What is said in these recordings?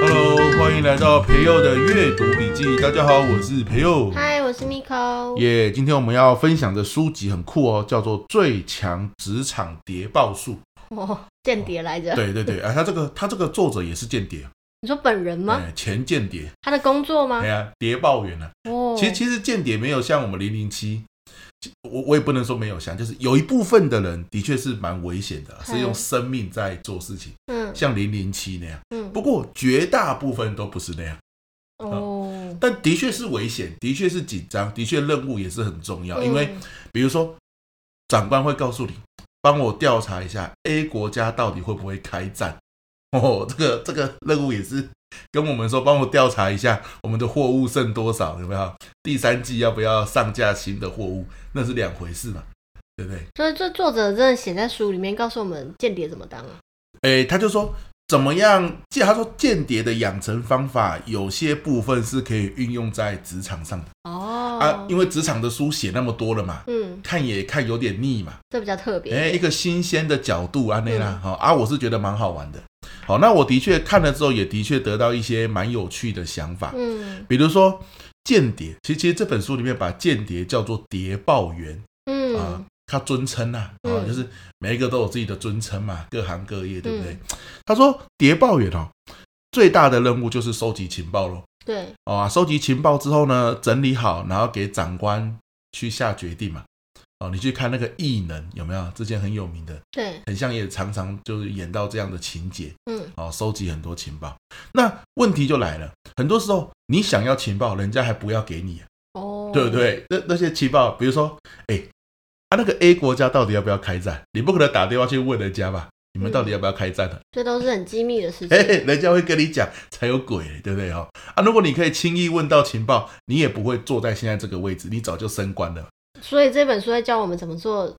Hello，歡迎來到培佑的閱讀筆記。大家好，我是培佑。Hi，我是 Miko。耶、yeah，今天我們要分享的書籍很酷哦，叫做《最強職場諜報術》。哦，間諜來着？哦、對對對 啊，他這個他這個作者也是間諜。你說本人嗎、嗯？前間諜，他的工作嗎？對、嗯、啊，諜報員呢？哦，其實其實間諜沒有像我們零零七，我我也不能說沒有像，就是有一部分的人的確是蠻危險的，是用生命在做事情。嗯，像零零七那樣。嗯，不過絕大部分都不是那樣。哦、嗯，但的確是危險，的確是緊張，的確任務也是很重要。嗯、因為比如說，長官會告訴你，幫我調查一下 A 國家到底會不會開戰。哦，這個這個任務也是跟我們說，幫我調查一下我們的貨物剩多少，有沒有第三季，要不要上架新的貨物，那是兩回事嘛，對不對？所以這作者真的寫在書裡面告訴我們間諜怎麼當啊。哎、欸，他就說怎麼樣？他說間諜的養成方法有些部分是可以運用在職場上的哦啊，因為職場的書寫那麼多了嘛，嗯，看也看有點膩嘛，這比較特別。哎、欸，一個新鮮的角度安內拉。好、嗯、啊，我是覺得蠻好玩的。好，那我的確看了之後，也的確得到一些蠻有趣的想法。嗯，比如說間諜，其實，其實這本書裡面把間諜叫做諜報員。嗯，呃，啊，他尊稱吶啊，就是每一個都有自己的尊稱嘛，各行各業對不對？嗯，他說諜報員哦，最大的任務就是收集情報嘍。對，啊，哦，收集情報之後呢，整理好，然後給長官去下決定嘛。哦，你去看那個異能有沒有？之前很有名的，對，很像也常常就是演到這樣的情節，嗯，哦，收集很多情報。那問題就來了，很多時候你想要情報，人家還不要給你，啊，哦，對不對？那那些情報，比如說，哎，啊，那個 A 國家到底要不要開戰？你不可能打電話去問人家吧？你們到底要不要開戰呢，啊嗯？這都是很機密的事情，嘿嘿人家會跟你講才有鬼，對不對？哦。啊，如果你可以輕易問到情報，你也不會坐在現在這個位置，你早就升官了。所以這本書在教我們怎麼做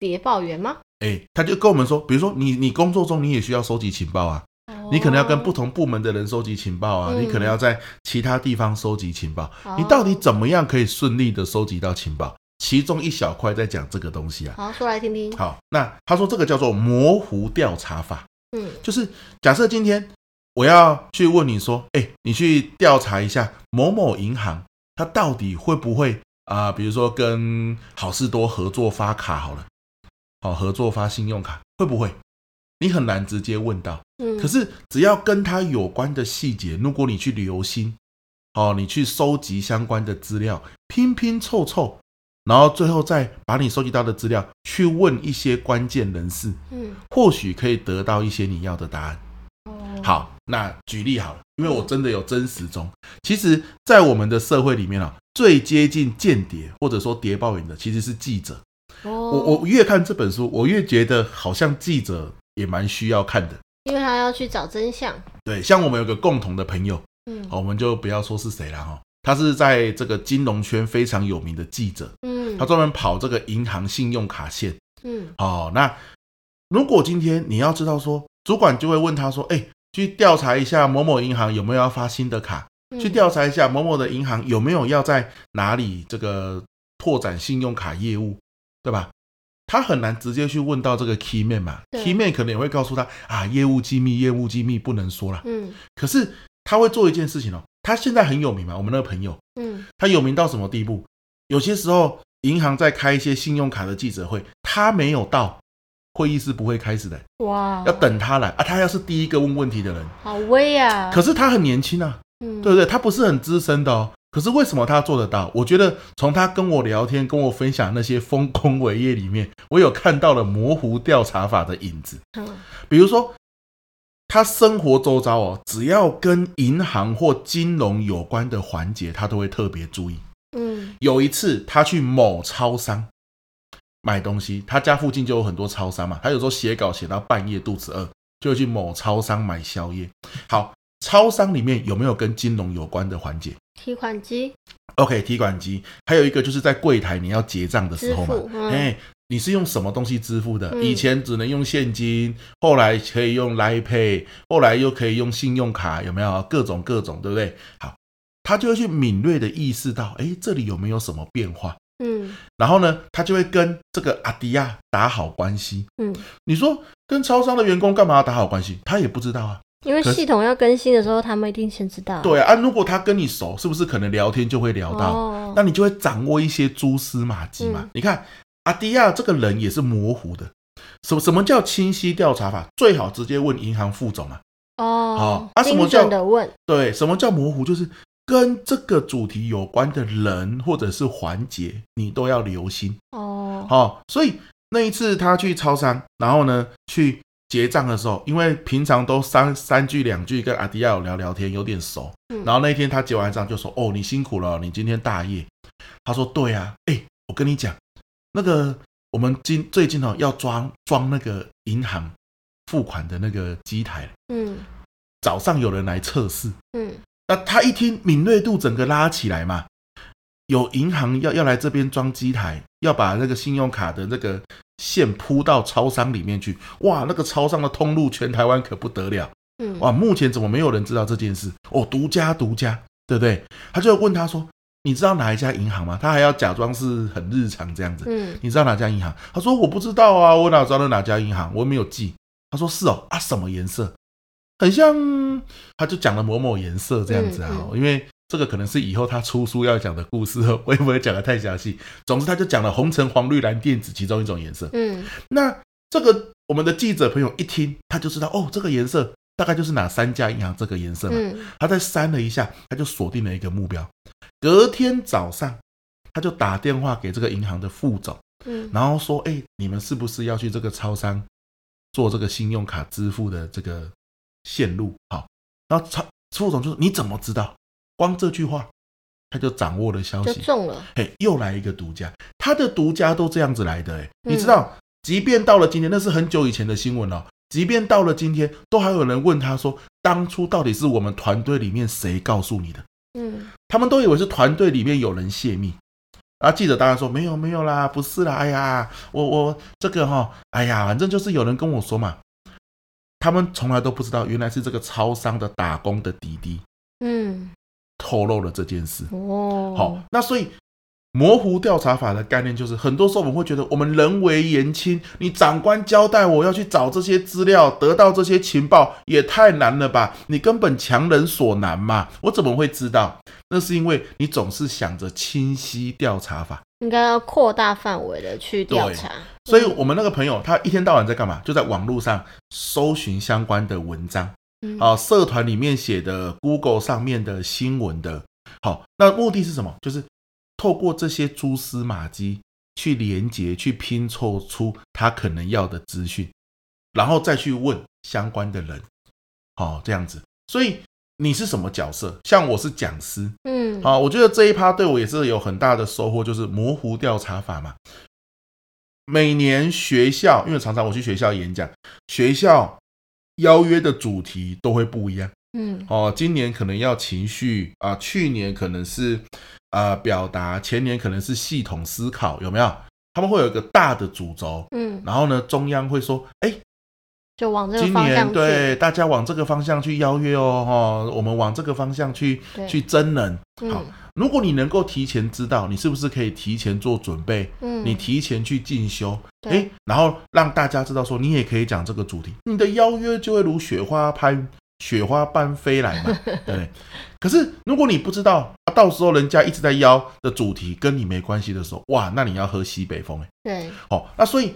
諜報員嗎？哎、欸，他就跟我們說，比如說你你工作中你也需要收集情報啊、哦，你可能要跟不同部門的人收集情報啊，嗯、你可能要在其他地方收集情報、哦，你到底怎麼樣可以順利的收集到情報？其中一小塊在講這個東西啊。好、哦，說來聽聽。好，那他說這個叫做模糊調查法。嗯，就是假設今天我要去問你說，哎、欸，你去調查一下某某銀行，它到底會不會？啊，比如說跟好事多合作發卡好了，好、啊、合作發信用卡會不會？你很難直接問到。嗯。可是只要跟他有關的細節，如果你去留心，哦、啊，你去收集相關的資料，拼拼湊湊，然後最後再把你收集到的資料去問一些關鍵人士，嗯，或許可以得到一些你要的答案。嗯。好，那舉例好了，因為我真的有真實中，其實，在我們的社會裡面啊。最接近間諜或者說諜報員的其實是記者。我我越看這本書，我越覺得好像記者也蠻需要看的，因為他要去找真相。對，像我們有個共同的朋友，嗯，我們就不要說是誰了哦，他是在這個金融圈非常有名的記者，嗯，他專門跑這個銀行信用卡線，嗯，哦，那如果今天你要知道說，主管就會問他說，哎，去調查一下某某銀行有沒有要發新的卡。去調查一下某某的銀行有沒有要在哪裡這個拓展信用卡業務，對吧？他很難直接去問到這個 key man 嘛，key man 可能也會告訴他啊，業務機密，業務機密不能說啦。嗯，可是他會做一件事情哦，他現在很有名嘛，我們那個朋友，嗯，他有名到什麼地步？有些時候銀行在開一些信用卡的記者會，他沒有到，會議是不會開始的。哇，要等他來啊，他要是第一個問問題的人，好威啊！可是他很年輕啊。嗯，對不對？他不是很資深的哦，可是為什麼他做得到？我覺得從他跟我聊天、跟我分享那些豐功偉業裡面，我有看到了模糊調查法的影子。嗯，比如說他生活周遭哦，只要跟銀行或金融有關的環節，他都會特別注意。嗯，有一次他去某超商買東西，他家附近就有很多超商嘛，他有時候寫稿寫到半夜肚子餓，就會去某超商買宵夜。好。超商裡面有沒有跟金融有關的環節？提款機，OK，提款機。還有一個就是在櫃台，你要結賬的時候嘛，哎、嗯欸，你是用什麼東西支付的，嗯？以前只能用現金，後來可以用 Line Pay，後來又可以用信用卡，有沒有？各種各種，對不對？好，他就會去敏銳的意識到，哎、欸，這裡有沒有什麼變化？嗯，然後呢，他就會跟這個阿迪亞、啊、打好關係。嗯，你說跟超商的員工幹嘛要打好關係？他也不知道啊。因為系統要更新的時候，他們一定先知道。對啊，如果他跟你熟，是不是可能聊天就會聊到？哦、那你就會掌握一些蛛絲馬跡嘛？嗯、你看阿迪亞這個人也是模糊的，什什麼叫清晰調查法？最好直接問銀行副總啊。哦，好、哦，阿、啊、什麼叫的問對？什麼叫模糊？就是跟這個主題有關的人或者是環節，你都要留心哦。好、哦，所以那一次他去超商，然後呢去。結賬的時候，因為平常都三三句兩句跟阿迪亞聊聊天，有點熟。嗯，然後那天他結完賬就說：“哦，你辛苦了，你今天大夜。”他說：“對啊，哎，我跟你講，那個我們今最近哦要裝裝那個銀行付款的那個機台，嗯，早上有人來測試，嗯，那他一聽敏銳度整個拉起來嘛。”有銀行要要來這邊裝機台，要把那個信用卡的那個線鋪到超商裡面去。哇，那個超商的通路全台灣可不得了。嗯，哇，目前怎麼沒有人知道這件事？哦，獨家獨家，對不對？他就問他說：“你知道哪一家銀行嗎？”他還要假裝是很日常這樣子。嗯，你知道哪家銀行？他說：“我不知道啊，我哪知道哪家銀行？我沒有記。”他說：“是哦啊，什麼顏色？很像。”他就講了某某顏色這樣子啊，哦嗯嗯，因為。這個可能是以後他出書要講的故事，我也不會講的太詳細。總之，他就講了紅橙黃綠藍靛紫其中一種顏色。嗯，那這個我們的記者朋友一聽，他就知道哦，這個顏色大概就是哪三家銀行這個顏色嘛。他再篩了一下，他就鎖定了一個目標。隔天早上，他就打電話給這個銀行的副總。然後說：“哎，你們是不是要去這個超商做這個信用卡支付的這個線路？”好，然後超副總就說：“你怎麼知道？”光這句話，他就掌握了消息，就中了。嘿，又來一個獨家，他的獨家都這樣子來的，嗯。你知道，即便到了今天，那是很久以前的新聞哦。即便到了今天，都還有人問他說，當初到底是我們團隊裡面誰告訴你的？嗯，他們都以為是團隊裡面有人泄密。啊，記者當然說，沒有沒有啦，不是啦。哎呀，我我這個哈，哦，哎呀，反正就是有人跟我說嘛。他們從來都不知道，原來是這個超商的打工的弟弟。嗯。透露了這件事哦，好，那所以模糊調查法的概念就是，很多時候我們會覺得我們人微言輕，你長官交代我要去找這些資料，得到這些情報也太難了吧？你根本強人所難嘛，我怎麼會知道？那是因為你總是想着清晰調查法，應該要擴大範圍的去調查。所以，我們那個朋友、嗯、他一天到晚在幹嘛？就在網絡上搜尋相關的文章。好、啊，社團裡面寫的 Google 上面的新聞的，好，那目的是什麼？就是透過這些蛛絲馬跡去連接，去拼湊出他可能要的資訊，然後再去問相關的人，好，這樣子。所以你是什麼角色？像我是講師，嗯，好、啊，我覺得這一趴對我也是有很大的收穫，就是模糊調查法嘛。每年學校，因為常常我去學校演講，學校，邀約的主題都會不一樣，嗯，哦，今年可能要情緒啊、呃，去年可能是啊、呃、表達，前年可能是系統思考，有沒有？他們會有一個大的主軸，嗯，然後呢，中央會說，哎、欸。就往這個方向今年，對，大家往這個方向去邀約哦，哈、哦，我們往這個方向去去真人、嗯。好，如果你能夠提前知道，你是不是可以提前做準備？嗯，你提前去進修，誒，然後讓大家知道說你也可以講這個主題，你的邀約就會如雪花拍雪花般飛來嘛。對。 可是如果你不知道，到時候人家一直在邀的主題跟你沒關係的時候，哇，那你要喝西北風誒。對。好、哦，那所以。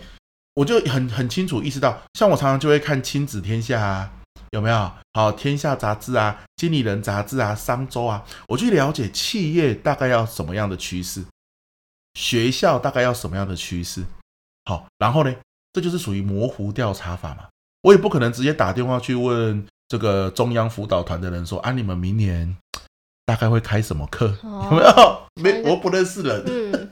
我就很很清楚意識到，像我常常就會看《親子天下》啊，有沒有？好，《天下》雜誌啊，《經理人》雜誌啊，《商周》啊，我去了解企業大概要什麼樣的趨勢，學校大概要什麼樣的趨勢。好，然後呢，這就是屬於模糊調查法嘛。我也不可能直接打電話去問這個中央輔導團的人說：“啊，你們明年大概會開什麼課？”有沒有？沒，我不認識人。嗯。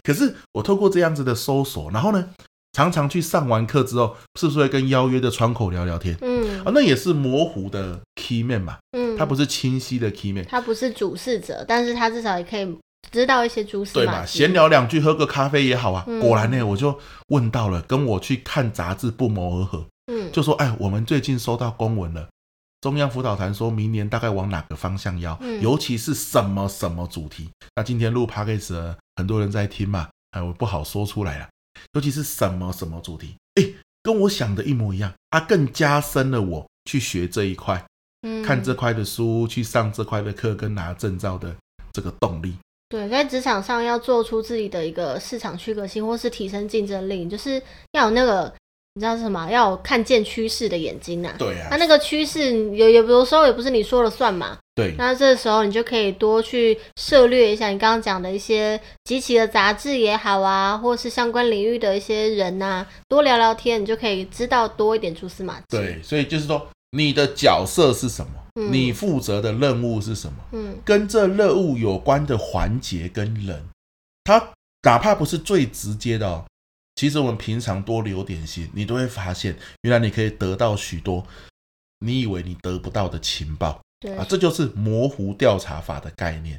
可是我透過這樣子的搜索，然後呢，常常去上完課之後，是不是會跟邀約的窗口聊聊天？嗯，啊，那也是模糊的 Key Man 嘛。嗯，他不是清晰的 Key Man，他不是主事者，但是他至少也可以知道一些主事嘛。馬對吧？閒聊兩句，喝個咖啡也好啊。嗯、果然呢、欸，我就問到了，跟我去看雜誌不謀而合。嗯，就說，哎，我們最近收到公文了，中央輔導團說明年大概往哪個方向邀，嗯、尤其是什麼什麼主題。嗯、那今天錄 Podcast，很多人在聽嘛，哎，我不好說出來啦。尤其是什麼什麼主題，哎，跟我想的一模一樣，它，啊，更加深了我去學這一塊，嗯，看這塊的書，去上這塊的課，跟拿證照的這個動力。對，在職場上要做出自己的一個市場區隔性，或是提升競爭力，就是要有那個，你知道是什麼？要有看見趨勢的眼睛吶，啊。對啊。那那個趨勢有有有時候也不是你說了算嘛。對，那這時候你就可以多去涉獵一下你剛剛講的一些集齊的雜誌也好啊，或是相關領域的一些人吶、啊，多聊聊天，你就可以知道多一點蛛絲馬跡。對，所以就是說，你的角色是什麼、嗯？你負責的任務是什麼？嗯，跟這任務有關的環節跟人，他、嗯、哪怕不是最直接的、哦，其實我們平常多留點心，你都會發現，原來你可以得到許多你以為你得不到的情報。對啊，這就是模糊調查法的概念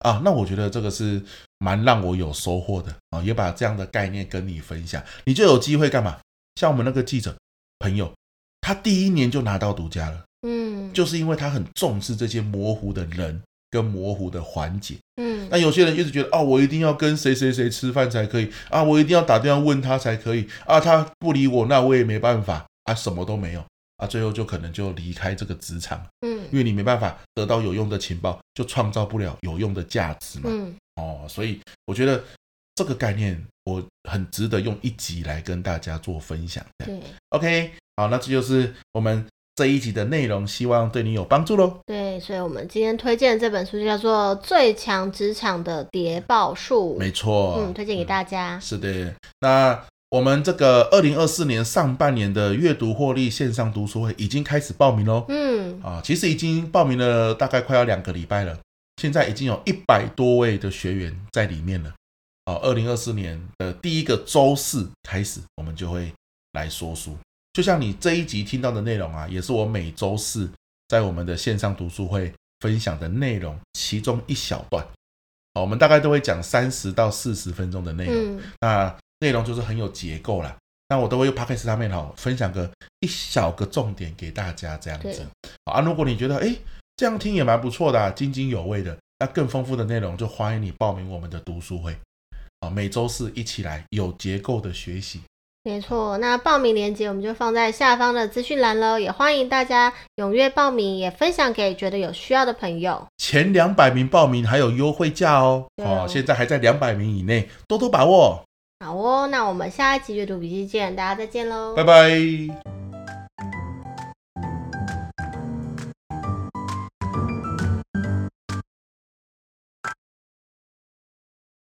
啊。那我覺得這個是蠻讓我有收穫的啊，也把這樣的概念跟你分享，你就有機會幹嘛？像我們那個記者朋友，他第一年就拿到獨家了，嗯，就是因為他很重視這些模糊的人跟模糊的環節，嗯。那有些人一直覺得，哦，我一定要跟誰誰誰誰吃飯才可以啊，我一定要打電話問他才可以啊，他不理我，那我也沒辦法啊，什麼都沒有。啊，最後就可能就離開這個職場，嗯，因為你沒辦法得到有用的情報，就創造不了有用的價值嘛，嗯，哦，所以我覺得這個概念我很值得用一集來跟大家做分享，對，OK，好，那這就是我們這一集的內容，希望對你有幫助嘍。對，所以我們今天推薦的這本書就叫做《最強職場的諜報術》，沒錯，嗯，推薦給大家，嗯。是的，那。我們這個二零二四年上半年的閱讀獲利線上讀書會已經開始報名咯，嗯，啊，其實已經報名了，大概快要兩個禮拜了。現在已經有一百多位的學員在裡面了。啊，二零二四年的第一個週四開始，我們就會來說書。就像你這一集聽到的內容啊，也是我每週四在我們的線上讀書會分享的內容其中一小段。哦，我們大概都會講三十到四十分鐘的內容，嗯。那內容就是很有結構了，那我都會用 PPT 上面好分享個一小個重點給大家這樣子。啊，如果你覺得誒這樣聽也蠻不錯的、啊，津津有味的，那更豐富的內容就歡迎你報名我們的讀書會。啊、每週四一起來有結構的學習。沒錯，那報名鏈接我們就放在下方的資訊欄嘍，也歡迎大家踴躍報名，也分享給覺得有需要的朋友。前兩百名報名還有優惠價哦。哦、啊，現在還在兩百名以內，多多把握。好哦，那我們下一期閱讀筆記見，大家再見嘍，拜拜。